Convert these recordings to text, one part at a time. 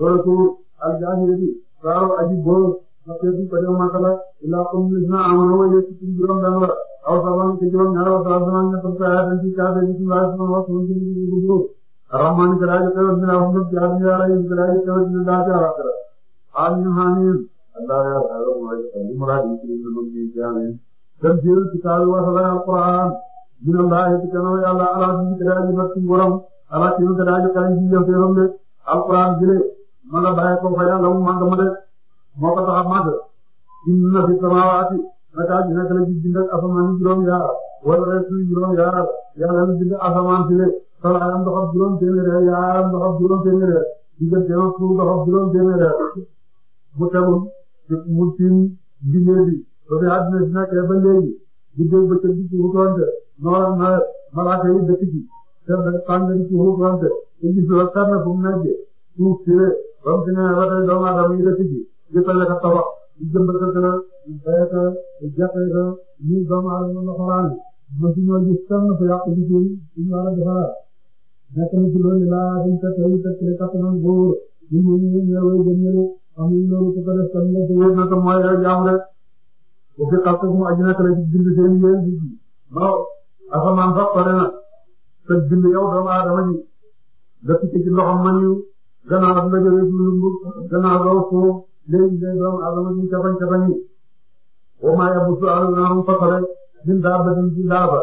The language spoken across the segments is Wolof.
suratu a jaahiliyya saaru aji boos na teebu ko def makala illaa qawmu llaziina aamanu wa yasitum juróom benn la aw saban te juróom ñaar wa salaam salaam ñett sa yaa tan ci kaafe bi suma asma wa sun ci ni bu bu arrahman kalaaji kawar min ahum dab jaabi yaa rayu kalaaji kawar min daa ci arakara amin amin allah yaa rayu wa yasitum muraadi al-qur'aan min allah ci kanoo yàlla ala ci kalaaji bakki borom ala ci kalaaji kalaaji al-qur'aan jëlee man la bàyyi ko fa yàlla mu màgg ma de moo ko tax a màgg bind na fi samaawaati naka ji nekk la ci bind asamaan juróom yaar wala reesu juróom yaar yàlla na bind asamaan fi rek salaayam doxab juróom téeméer yaaram doxab juróom téeméer digganteem suuf doxab juróom téeméer mu tegul mu tiim mbindee bi ba bi àddina si nekkee ba léegi di dégg ba ca di ci wutoonte nooram nawet malaaka yi dëkk ci te tàng di ci wutoonte te gis la kenn fu mu nekk suuf si rek ba mu fi nee doomu aadama yi dëkk bi yëpp a nekk tabax di jëmbatante na di béykat di doomu aadama la xalaale. laa dañ fekk ay fekk ay kàttanam góor ñun ñoo ñëwee ñëwee ba ñëwee amuñ loolu su ko def tam ñëpp yëpp na tam mooy ay jaam rek bu fi xas mu aju nekk rek bind seen yéen bi non asamaan sax pare na te bind yow doomu aadama ji dëkk ci loxam gannaaw ak nga jëlee jiw lu mu gannaaw loo foofu léegi day doon alama ci cabañ cabañ yi wa maa min daaba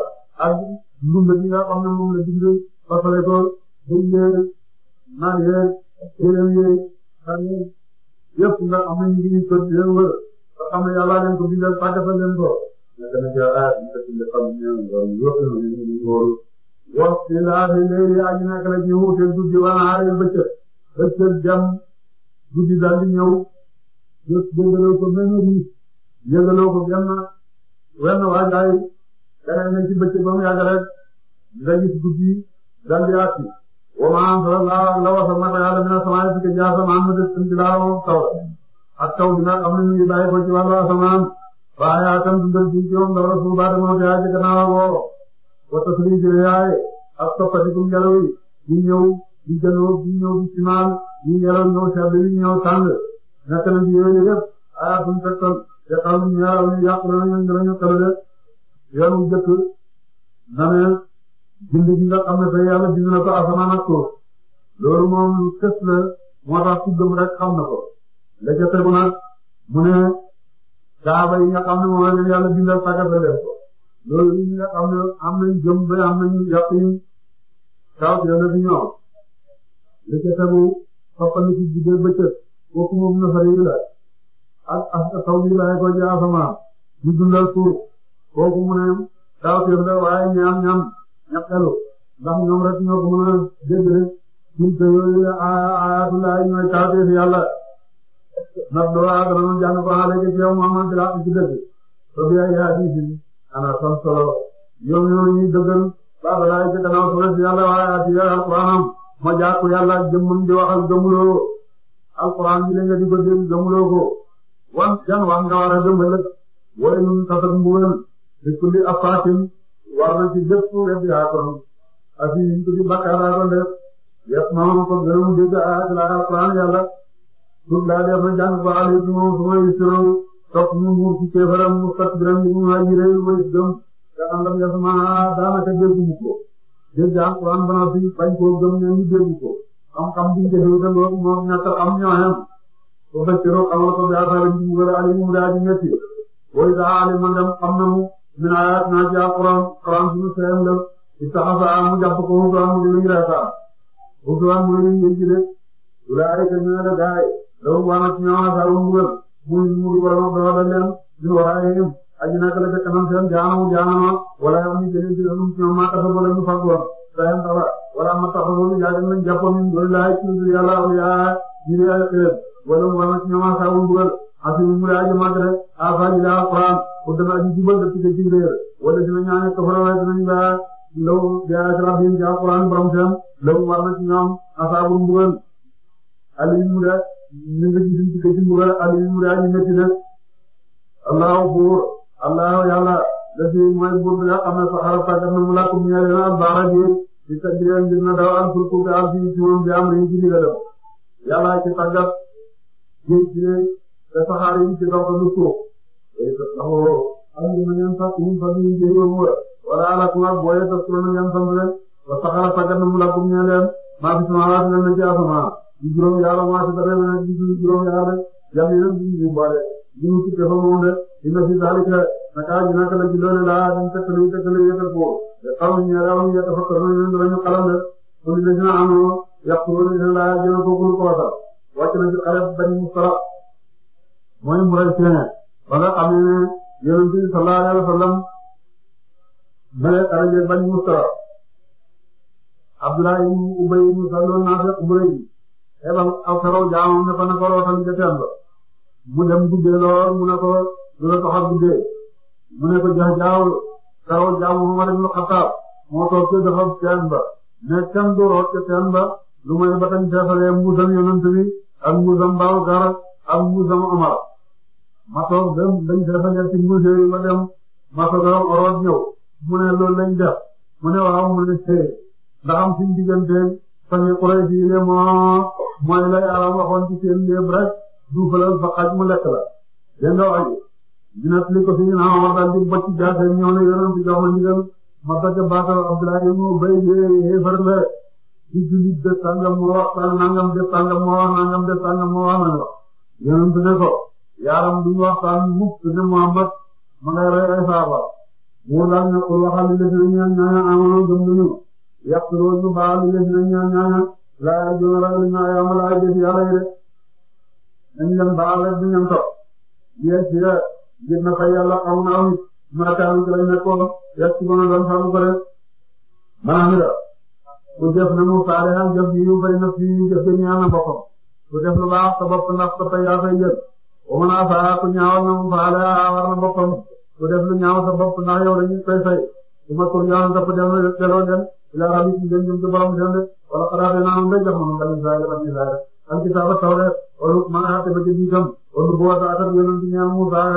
ak ndumbe gi nga xam ne la bind fasale ko bëy yeeg nag yeeg gëlëm yeeg xar yeeg yëpp nga am nañu ngi ko ci leen ko bindal tàggatal leen ko. nga gën a jël aayat bi nga xam ne xam nañu ne loolu yëpp la ñu ngi wóor. waxtu laa fi léegi ëccël jàmm guddi daal di ñëw jë jëngaloo ko benn riis jëngaloo ko benn wenn waajaay keneen nañ ci bëccëg ba mu yàgg rek nga gis guddi daal di àtti wamaan sa laa la wasa mata yàlla mina samaan si ka jaasa maan ma def ci laa taw ak taw bi nag am na ñu ngi bàyyi ko ci wàllu asamaan waaye atam dundal ci yoon la rasul ba de moo yaa ci gannaaw woo wa tasriij yaay ak toppatikum ngelaw yi ñëw di jëloo di ñëw di simaal ñu yoroon ñëw sàbbi ñu ñëw tàng naka la ñu yore yëpp ah suñu tegtal te xam ñu yàlla ñu yàq la ñu danañu xelale yoonu jëkk na ne bind gi nga xam ne fa yàlla bind na ko asamaan ak suuf loolu moom lu kës la moo tax ku gëm rek xam na ko la ca tegu nag mu ne saaba yi nga xam ne moom la yàlla bindal sakkate leen ko loolu yi nga xam ne am nañ jëm ba am nañ yàq yi taw si yàlla bi ñëw. li ca tegu soppandi ci diggante bëccëg kooku moom na fari la ak ak taw bi laay ko jaa sama di dundal suuf kooku mu ne taw bi la waaye ñaam ñaam ñaqalu ndax ñoom rek ñoo ko mën a dégg rek suñ ko yooyu aayatu laay ñooy taw bi yàlla ndax doo aadama jàng ko xale ci yow Muhammad la ci dëgg soo bi ay hadiis yi ana son solo yow ñoo ñuy dëggal baax laay ci gannaaw solo ci yàlla waaye ak yàlla ko am ma jaaku yàlla jëmmum di waxal gëmuloo alquran bi la nga di ko dégg gëmuloo ko wan yan wax nga war a gëmale wala ñun tasa mbugal di kulli afaatin war na ci lépp rek yaa ko asi ñu tuddi bakkaar laa ko def yëpp moom ko gërëm dégg ayat la alquran yàlla tur laa def na jàng ba ale ci moom su ma istiroo topp ñu muur ci kéefaram mu sat biram ñu mu wajiréel ma isdëm nga àndam yasmaa daanaka dégg mu ko dégg alquran ba fi bañ koo gëm ñoom ñu dégg ko xam-xam biñ defee te loolu moom ñàkk am ñoo yem ba fekk loolu amal ko jaataale ji mu wala Aliou mu daal di métti booy daa Aliou man dem xam na mu min ayat naa ci alquran alquran suñu seen la istaxasa mu jàpp ko hutuwaan mu ngi lay saa hutuwaan mu ngi lay jëlee walaay kenn ñu ne la gars yi dafa baax na ci ñoom asaaru mu wër muy mu ngi borom ak dafa dañ leen ñu war a yem. aji naka la ca kanam seen jaanamu jaanama wala yoo xam ne jëlee jëlee ñoom maa taxaw wala ñu faggoon sayam dara wala ma taxawoon yaa dem nañ jàppoon ñu doy laay ci biir yàlla yaa jiw yaa wala mu war a ci ñoom asaawul dugal assuré mu yaa ji mag rek affaire yi daa xuraan pour dana aji jubal daf ci ci wala dina ñaanal tafara waaye dinañ daa ndaw yaa ci rafet yi yaa xuraan borom seen ndaw war na ci ñoom asaawul dugal Aliou Moussa ñu ngi ci ci mbugal Aliou Moussa ñu allah yàlla dafi mooy buur bi nga xam ne saxara na mu làkkum ñeel leen albaara ji di tagleen na daw an fulku bi am ci ci moom bi am riñ ci ndigalam yàlla ci tàggat géej ci te saxaar yi ci dox lu suuf am na ngeen sax ñu fa ñu jëy mu wala na ngeen sant leen wa saxara tàggat na mu làkkum sama waat leen na ci asamaan di juróom yàlla maa fi dara na di juróom yàlla jàmm yéen di ñu inna fi zalika naka ñu naka la ci loolu laa dañ tëkkalu tëkkalu yëkkal ko xaw ñu raw ñu tafakkaru ñu ñu ñu xalam la ko ñu dina amu yaqulu inna la jëna ko gulu ko wata wàcc na ci xare bani musara mooy muray seen ba nga xam ne yonent bi sallallahu alayhi wasallam mala xare bani musara Abdullah ibn Ubay ibn Salul naafiq bu rëy ebal aw saraw jaamam ne ko ne ko rootal jëteen la mu dem duggee lool mu ne ko lu la taxaw mu ne ko jox jaaw taw jaaw Umar ibn Xattaab moo toog ci dafa teen ba mais kenn du root ci teen ba lu mooy ba kañ feesalee mbuusam yonent bi ak mbuusam ak mbuusam Umar ma toog dem dañ feesalee ci mbuus yooyu ma dem ma toog a root mu ne loolu lañ mu ne waaw mu ne see ndax am suñ diggante sañi Quraysh moo mooy lay aram waxoon ci seen léeb rek duufalal fa xaj mu lekk la dégg nga dina tëj ko fi ñu naan wax daal di bocc jaase ñëw na yoroon fi jox ma ndigal ma fekk Baaka Abdoulaye mu béy yéen far la di julli de sangam moo wax nangam de sangam moo wax nangam de sangam moo wax nangam yoroon fi ne ko yaaram duñu waxtaan mukk ne Muhammad ma ngay rey ay saaba mu laaj ne ko waxal li des na ñaan ñaan amoon gëm nañu yàq loolu ñu baal li des na ñaan ñaan laay jëm ragal ñaar yàlla laay def yàlla yi de nañ leen baal rek di ngeen topp yéen si ngir na fa yàlla aw naaw it maakaanu ci lañ nekkoon yàq ci mën a doon ko rek maanaam la ku jëf na mu saalihan jëf yi yu fay na fi jëf yi ñaan na boppam ku def lu baax sa bopp ndax sa fay yaa fay jël wa mën a faa ku ñaawal na mu saalihan war na boppam ku def lu ñaaw sa bopp ndax yow dañuy fay fay su ma ko ñaawal sa bopp delloo delloo dem ila rabbi ci jëm jëm ci borom dem de wala xalaatee naa moom day jox moom tamit saa yàlla tamit saa yàlla. alkitaaba tawreet wala maanaam xaar te ba jëndi itam wala bu boobaa ak ak yonent yi ñaar Muusaa ak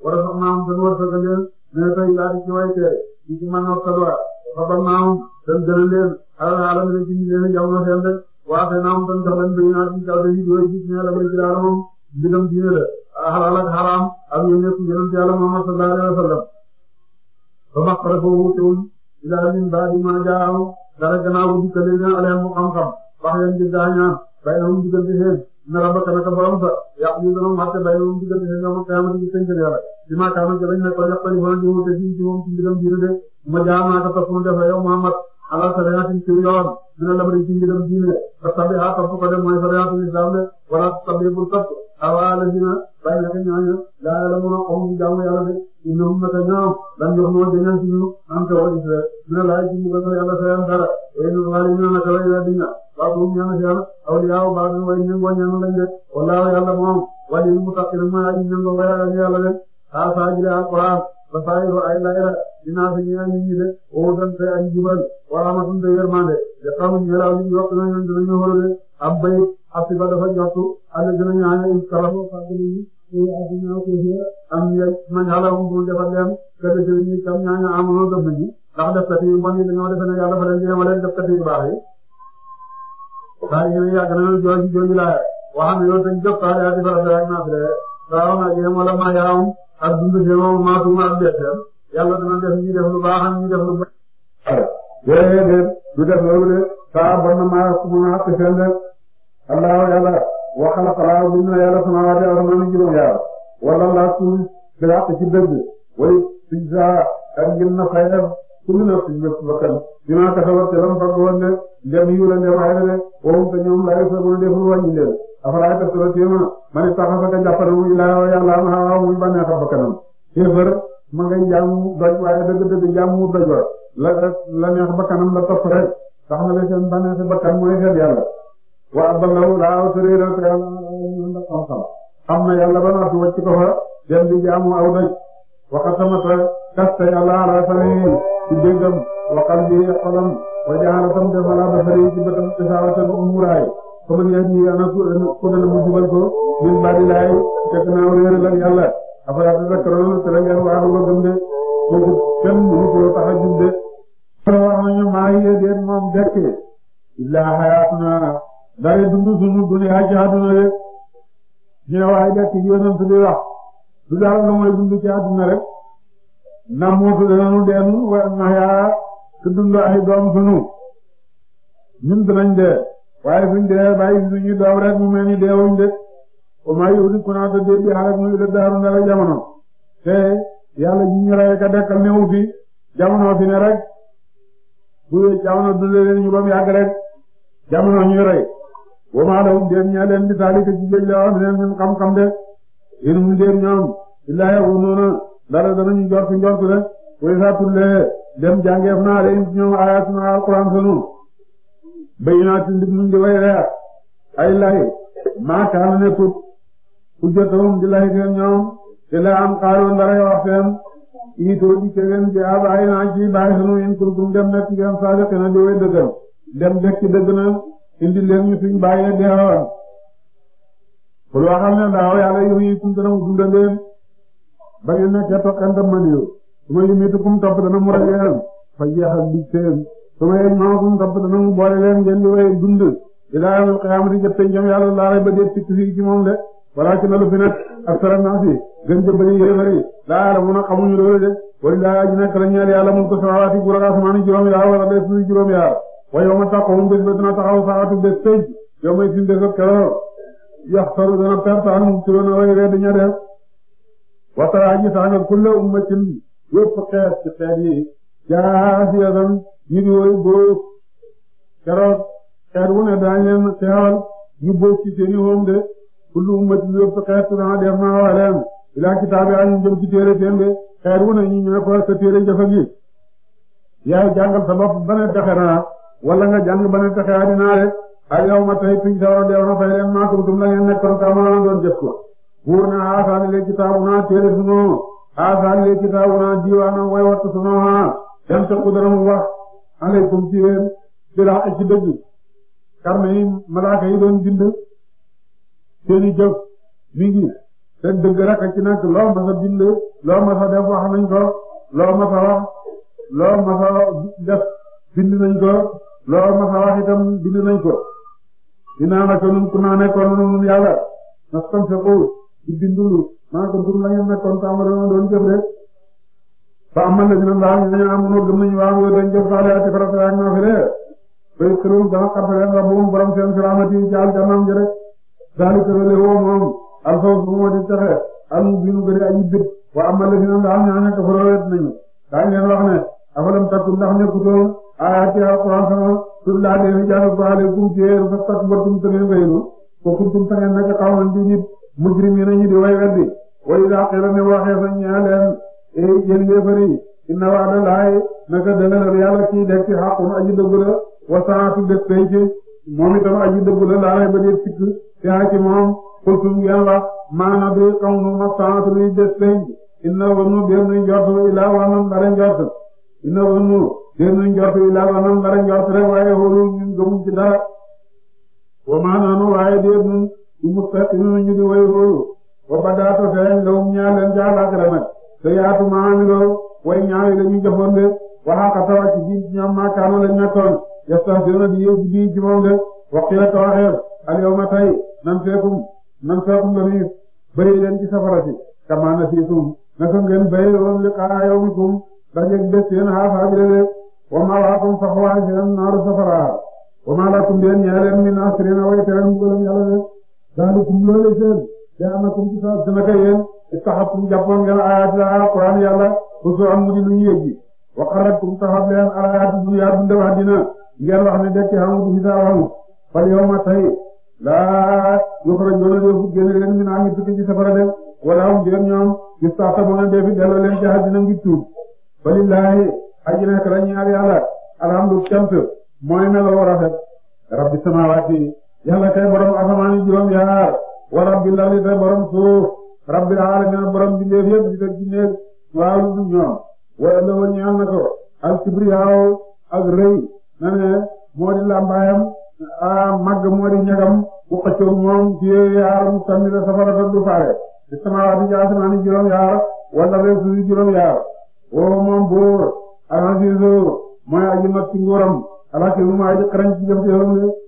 Haaruna war a sax maam seen wërsëg leen mais tey daal a xabaar xabaar maam seen mi ci ñu leen jamono seen rek waa seen maam seen soxla mbéy mi ak ci kaw dañuy doon gis ne la may jëlaat moom mbiram diine la xalaal ak xaraam ak yéen ñëpp yonent Yàlla Muhammad sallallahu alayhi wa sallam ba ma xare boobu ma jaaw dara gannaaw bu dikkalee na alayhim xam-xam wax bay moom diggante seen nara ba kanaka borom sa yàq ñu doon wàcce bay moom diggante seen ñoom kaamati ci sënk yàlla ci ma kaamati lañ ne ko def ko ñu wala ñu te ci moom ci mbiram diine de ma jaama ka topp mu def yow Muhammad ala salaatin ci yoon dina lamari ci mbiram diine de ba tabi a topp ko de mooy salaatin islam de wala tabi pour topp awaa la dina bay naka ñooñu laa la mun a xom jaamu yàlla de innahum naka ñoom lan jox moo jëñan suñu am te wala gis dina laay ci mbugal yàlla sa yàlla dara waaw moom ñaanal yàlla awliyaaw baax na way ñëngoo ñaanal lañ de wallaahu yàlla moom wali mu taqir ma aji ñëngoo way ragal yàlla de xaa saajile alquran ba saayiru ay layra dinaa fi ñaan ñi de wowutan te aji jubal waramatum te yërmande de xamuñ yelaw li yokk na ñoom dinañu xool de ab bay asiba dafa jottu ala dina ñaane i kalamu fàggali yi asi ñaaw ko fi am yeg man xalawum bu ñi kam ñaaña amono def nañu ndax def kati yu bon yi fa leen yemale def kati saa yu ñu yàgg nañu jooju jooju laa wax am yow dañu jot saa di faral di laaj naa fi de saa ma jéem wala ma yaaw ak dundu si moom maa tuuma ak bett yàlla dana def ñu def lu baax ñu def lu baax. yooyu de du def loolu de saa bon na maa su ma xaq seen de allah yàlla waxal xalaat bu ñu la yàlla sama waate ak man juróom yaar wala laa suuf si xaq ci dëgg way suñ saa ak ngir na fay def kullu nafsin bépp bakkan bimaa kasabat lam faggoon ne dem yu la ne waaye ne de wowum te ñoom laa yusrafun deful wàññi leen afalaa yatazakkaruun man ittaxasa ka jàppale wu ilaaha yàlla ma waaw muy bànnee xam bakkanam kéefër ma ngay jaamu doj waaye dëgg-dëgg jaamu doj wa la la neex bakkanam la topp rek tax na de seen bànneexi bakkan mooy xel yàlla wa abalaw laaw sëriñ la te yàlla na xam-xam xam na yàlla ba naatu wàcc ko fa dem di jaamu aw doj waxatamata kasta yàlla ala samihim ci déggam wa qalbi xolam wa jaala tam def ala basari ci bëtam isaawatan umuraay fa man yahdi ana ku dana mu jubal ko min baadi laay fekk naa réere la yàlla afala tazakkaruun te la ngeen waaru la gëm de kooku kenn mënu ko tax a jub de wax nañu maa yee déet moom dekk illaa xayaatuna dara dundu suñu duniyaa ci àdduna de ñu ne waaye dekk yonent bi wax du dara lu mooy dund ci àdduna rek na muutu danañu deen wa naxyaa te dund ay doom sunu ñun dinañ dee waaye suñ dee bàyyi suñu doom rek mu mel ni deewuñ de oma yudi kunaata dé bi xarak muy da daaru ne te yàlla ji ñu rey ka dekkal newu fi jamono fi ne rek bu jamono dundee leen ñu ba mu yàgg rek jamono rey wama lahum déen ña leen di taalika ci jëj lewam leen ñun xam-xam de in hum déen ñoom illaa yaqunuuna dara danañu njort njort rek wa izaa tullee dem jàngeef naa alayhim ci ñoom ayaatuna alquran sunu bayyinaatin ndig nuñ di way leer ay lay maa kaana nekkut hujjatuhum di lay seen ñoom te la am xaaroon dara yoo wax seen iitoo dikke leen bi abaay naa ci baay sunu dem nekk ngeen saadiqiina di way dëggal dem dekk dëgg na indi leen ñu suñ bàyyee deewoon pour waxal ne daaw yàlla yow ba ngeen nekkee toqante maniou su ma yumitukum topp dana mu rey leen fa jeexal bi seen su ma yajma'ukum topp dana mu boole leen ngeen di way dund ilaa yawmil qiyaamati jëpp njëm yàlla laare ba dee tikk fii ci moom de walaakin lu fi nekk aksara naasi gën ca bëri yéefari laa ya'lamuuna xamuñu loolu de walilaahi aji nekk la ñeel yàlla mun ko samaawaati guur ak asamaani juróom yaar wala bee suuf juróom yaar wa yawma taqumu bés ba dina taxaw saatu bés tëj yow may sin des ak keroog yaxsaru dana perte an mubtiluuna way ree daña def watara aji saxal kulla ummatin yëpp xeet ci xeet yi jaasiyatan ñu di woy boob keroog xeet wu ne daañ leen ci seeni hoom de kullu ummatin yëpp xeet dana def naa wax leen ilaa kitaabi añu jëm ci téere seen de xeet wu ne ñu ñëw ko sa téere jëfa gi yaay jàngal sa bopp ba ne nga jàng ba ne texe adinaa rek ak yow ma tey piñ sawara deew na fay leen maakum tum la ngeen nekkoon ka ma doon jëf ko buur ne aasaanile kitaabuna téere sunu aasaanile kitaabuna diwaana way wattu sunu haa yam tëqu dana mu wax alaykum ci yéen bilaa ak ci dëgg karne yi malaaka yi mi ngi te dëgg rek ci nag loo masa bind loo masa def wax nañ ko loo masa def bind nañ loo masa wax itam bind nañ ko dinaa naka nun ku naa nekkoon nun yàlla nastam sa ko ci bindu maa ko tur la ñu nekkoon taamu doon doon jëf rek ba la dina laal ñu ne ah munoo gëm nañu waaw yow dañu jëf saa leen ati farata ak naa fi de tey këram dana xar leen la buum borom seen salaamati di tëral woo moom alfawz bu moo di texe wa amal la dina laal ñu ne nañu daañu leen wax ne afalam takku ndax nekkutoon ayaati alquran sama tur laa leen jaaxal ko aleykum ci yéen fa takku ba tum tënee bayinu ko kuntum sa ngeen nekk mujrimiina ñi di way weddi wa idaa qiila ne waxee fa ñaa leen ee yéen yéefar yi inna wa'da laahi ci xaqun aji dëggu la wa saatu bés tey ci moom itam aji dëggu la laaray ba dee sikk fi haa ci moom kultum ngeen maana bi xawnu ma saatu luy bés tey inna wannu dee nuy ilaa wanan bare njort inna wannu dee nuy ilaa wanan bare njort rek waaye xoolu ñun gëmuñ ci dara wa maanaanu waaye dee nun mustaqim ñu di way royu wa badaata feeñ lawum ñaa leen jaalaaxira nag te yaatu maamiloo way ñaawi lañu jëfoon de waxaaka tawa ci biir ñoom maakaano lañ nekkoon yastahzi'uuna di yëw ci biir ci moom a waqila tawaxeer al yawma tay nan feekum nan feekum lañuy bëri leen ci safara si kamaa nasiitum naka ngeen bëri woon liqaa yawmikum dajeek bés seen haafaa bi de wa ma'waakum faxwaa seen naaru safara wa maa lakum min nasiriin way tere saalikum loole seen da anakum ci saas dana koy yéen istaxabtum jàppoon ngeen ayaati alquran yàlla xusu am mu di lu ñu yëggi wa xarajtum taxab leen alayaati dunya dunde wax dina ngeen wax ne dekki xamudu fi dara xamut fal yawma tey laa yuxrajuuna defu génn leen min ami tukki ci safara de wala am jeen ñoom yustaxsabuuna defi delloo leen jaxal dina ngi tuub falillahi aji nekk la ñaar yàlla alhamdu cant mooy meloo rafet rabbi samaawaati yàlla kay borom asamaan yi juróom-ñaar wa rabbil borom suuf rabbil alamin borom bindéef yëpp di ko ginneeg waaw lu dul ñoom wala la woon ñaan na ko al kibriyaaw ak rëy na ne moo di làmbaayam a moo di ñagam bu xëccoog moom ci yaar mu sànni la safara ta du faare ci samaawaati asamaan yi juróom-ñaar yi juróom-ñaar woo moom buur al aziizu mooy aji mat nguuram alaaki mooy aji xarañ ci jëf